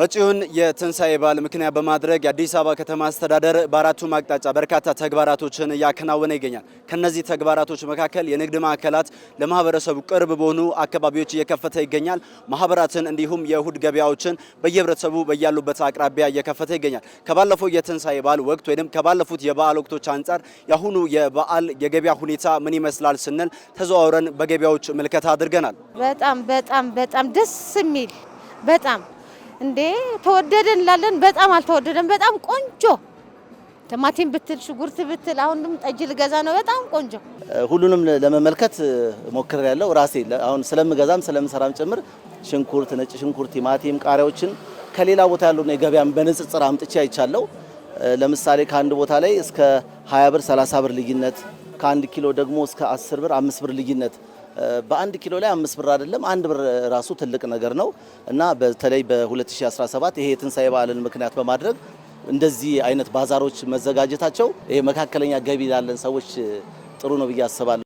መጪውን የትንሣኤ በዓል ምክንያት በማድረግ የአዲስ አበባ ከተማ አስተዳደር በአራቱም አቅጣጫ በርካታ ተግባራቶችን እያከናወነ ይገኛል። ከነዚህ ተግባራቶች መካከል የንግድ ማዕከላት ለማህበረሰቡ ቅርብ በሆኑ አካባቢዎች እየከፈተ ይገኛል። ማህበራትን እንዲሁም የእሁድ ገበያዎችን በየህብረተሰቡ በያሉበት አቅራቢያ እየከፈተ ይገኛል። ከባለፈው የትንሣኤ በዓል ወቅት ወይም ከባለፉት የበዓል ወቅቶች አንጻር የአሁኑ የበዓል የገበያ ሁኔታ ምን ይመስላል ስንል ተዘዋውረን በገበያዎች ምልከታ አድርገናል። በጣም በጣም በጣም ደስ የሚል በጣም እንዴ ተወደደ እንላለን። በጣም አልተወደደም። በጣም ቆንጆ ቲማቲም ብትል ሽጉርት ብትል፣ አሁንም ጠጅ ልገዛ ነው። በጣም ቆንጆ። ሁሉንም ለመመልከት ሞክር ያለው ራሴ አሁን ስለምገዛም ስለምሰራም ጭምር ሽንኩርት፣ ነጭ ሽንኩርት፣ ቲማቲም፣ ቃሪያዎችን ከሌላ ቦታ ያለውን የገበያን በንጽጽር አምጥቼ አይቻለሁ። ለምሳሌ ከአንድ ቦታ ላይ እስከ 20 ብር 30 ብር ልዩነት፣ ከአንድ ኪሎ ደግሞ እስከ 10 ብር 5 ብር ልዩነት በአንድ ኪሎ ላይ አምስት ብር አይደለም አንድ ብር ራሱ ትልቅ ነገር ነው እና በተለይ በ2017 ይሄ የትንሳኤ በዓልን ምክንያት በማድረግ እንደዚህ አይነት ባዛሮች መዘጋጀታቸው ይሄ መካከለኛ ገቢ ላለን ሰዎች ጥሩ ነው ብዬ አስባለሁ።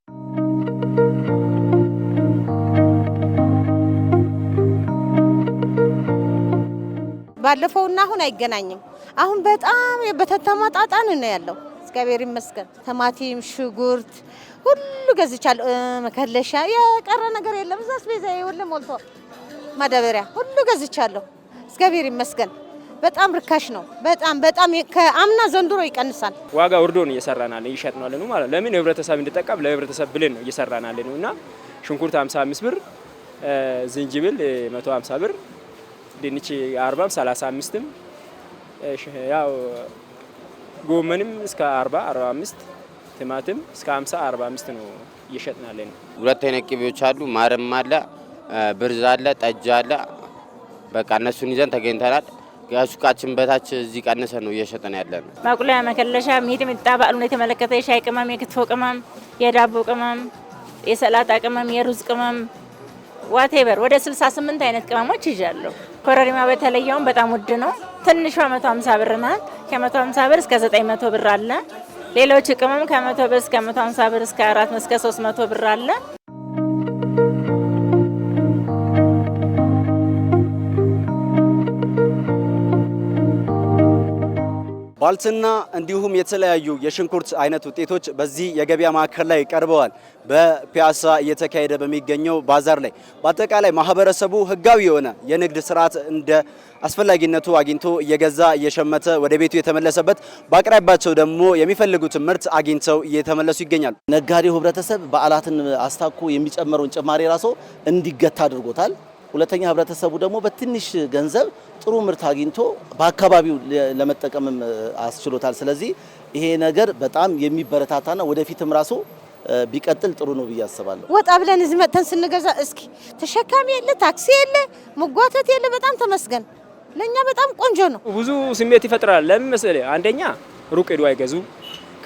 ባለፈውና አሁን አይገናኝም። አሁን በጣም በተተማጣጣን ነው ያለው እግዚአብሔር ይመስገን። ተማቲም፣ ሽንኩርት ሁሉ ገዝቻለሁ። መከለሻ የቀረ ነገር የለም። እዛ አስቤዛ ሁሉ ሞልቶ ማዳበሪያ ሁሉ ገዝቻለሁ። እግዚአብሔር ይመስገን። በጣም ርካሽ ነው። በጣም በጣም ከአምና ዘንድሮ ይቀንሳል። ዋጋ ወርዶ ነው እየሰራናል እየሸጥናል ነው ማለት ለምን ህብረተሰብ እንድጠቀም ለህብረተሰብ ብለን ነው እየሰራናል ነው እና ሽንኩርት 55 ብር፣ ዝንጅብል 150 ብር፣ ድንች 40 35ም ያው ጎመንም እስከ 40 45፣ ቲማቲም እስከ 50 45 ነው እየሸጥናለን። ሁለት አይነት ቅቤዎች አሉ። ማርም አለ፣ ብርዝ አለ፣ ጠጅ አለ። በቃ እነሱን ይዘን ተገኝተናል። ከሱቃችን በታች እዚህ ቀንሰ ነው እየሸጠን ያለ ነው። ማቁላያ፣ መከለሻ፣ ሚጥሚጣ በዓሉን የተመለከተ የሻይ ቅመም፣ የክትፎ ቅመም፣ የዳቦ ቅመም፣ የሰላጣ ቅመም፣ የሩዝ ቅመም ዋቴቨር ወደ 68 አይነት ቅመሞች ይዣለሁ። ኮረሪማ በተለየውም በጣም ውድ ነው። ትንሿ 150 ብር ናት። ከ150 ብር እስከ 900 ብር አለ። ሌሎች ቅመም ከ100 ብር እስከ 150 ብር እስከ 400 እስከ 300 ብር አለ። ባልትና እንዲሁም የተለያዩ የሽንኩርት አይነት ውጤቶች በዚህ የገበያ ማዕከል ላይ ቀርበዋል። በፒያሳ እየተካሄደ በሚገኘው ባዛር ላይ በአጠቃላይ ማህበረሰቡ ህጋዊ የሆነ የንግድ ስርዓት እንደ አስፈላጊነቱ አግኝቶ እየገዛ እየሸመተ ወደ ቤቱ የተመለሰበት፣ በአቅራቢያቸው ደግሞ የሚፈልጉትን ምርት አግኝተው እየተመለሱ ይገኛሉ። ነጋዴው ህብረተሰብ በዓላትን አስታኮ የሚጨምረውን ጭማሪ ራሶ እንዲገታ አድርጎታል። ሁለተኛ ህብረተሰቡ ደግሞ በትንሽ ገንዘብ ጥሩ ምርት አግኝቶ በአካባቢው ለመጠቀምም አስችሎታል። ስለዚህ ይሄ ነገር በጣም የሚበረታታና ወደፊትም ራሱ ቢቀጥል ጥሩ ነው ብዬ አስባለሁ። ወጣ ብለን እዚህ መጥተን ስንገዛ እስኪ ተሸካሚ የለ፣ ታክሲ የለ፣ መጓተት የለ። በጣም ተመስገን። ለእኛ በጣም ቆንጆ ነው። ብዙ ስሜት ይፈጥራል። ለምን መሰለህ? አንደኛ ሩቅ ሄዱ አይገዙ።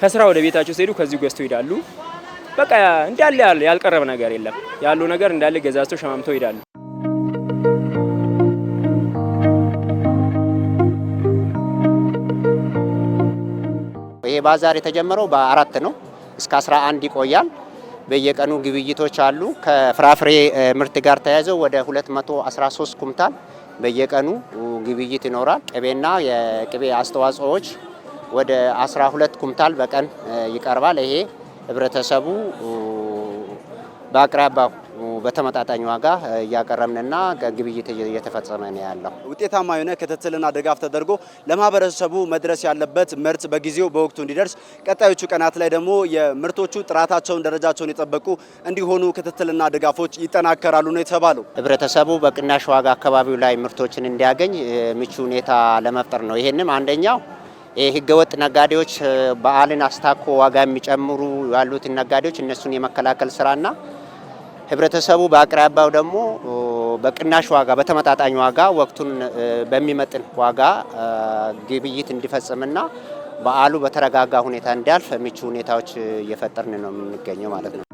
ከስራ ወደ ቤታቸው ሲሄዱ ከዚሁ ገዝተው ይሄዳሉ። በቃ እንዳለ ያልቀረበ ነገር የለም። ያሉ ነገር እንዳለ ገዛዝተው ሸማምተው ይሄዳሉ። ይሄ ባዛር የተጀመረው በአራት ነው፣ እስከ 11 ይቆያል። በየቀኑ ግብይቶች አሉ። ከፍራፍሬ ምርት ጋር ተያይዘው ወደ 213 ኩምታል በየቀኑ ግብይት ይኖራል። ቅቤና የቅቤ አስተዋጽኦዎች ወደ 12 ኩምታል በቀን ይቀርባል። ይሄ ህብረተሰቡ በአቅራቢያው በተመጣጣኝ ዋጋ እያቀረብንና ግብይት እየተፈጸመ ነው ያለው። ውጤታማ የሆነ ክትትልና ድጋፍ ተደርጎ ለማህበረሰቡ መድረስ ያለበት ምርት በጊዜው በወቅቱ እንዲደርስ፣ ቀጣዮቹ ቀናት ላይ ደግሞ የምርቶቹ ጥራታቸውን፣ ደረጃቸውን የጠበቁ እንዲሆኑ ክትትልና ድጋፎች ይጠናከራሉ ነው የተባለው። ህብረተሰቡ በቅናሽ ዋጋ አካባቢው ላይ ምርቶችን እንዲያገኝ ምቹ ሁኔታ ለመፍጠር ነው። ይሄንም አንደኛው የህገወጥ ነጋዴዎች በዓልን አስታኮ ዋጋ የሚጨምሩ ያሉትን ነጋዴዎች እነሱን የመከላከል ስራና ህብረተሰቡ በአቅራቢያው ደግሞ በቅናሽ ዋጋ በተመጣጣኝ ዋጋ ወቅቱን በሚመጥን ዋጋ ግብይት እንዲፈጽምና በዓሉ በተረጋጋ ሁኔታ እንዲያልፍ ምቹ ሁኔታዎች እየፈጠርን ነው የምንገኘው ማለት ነው።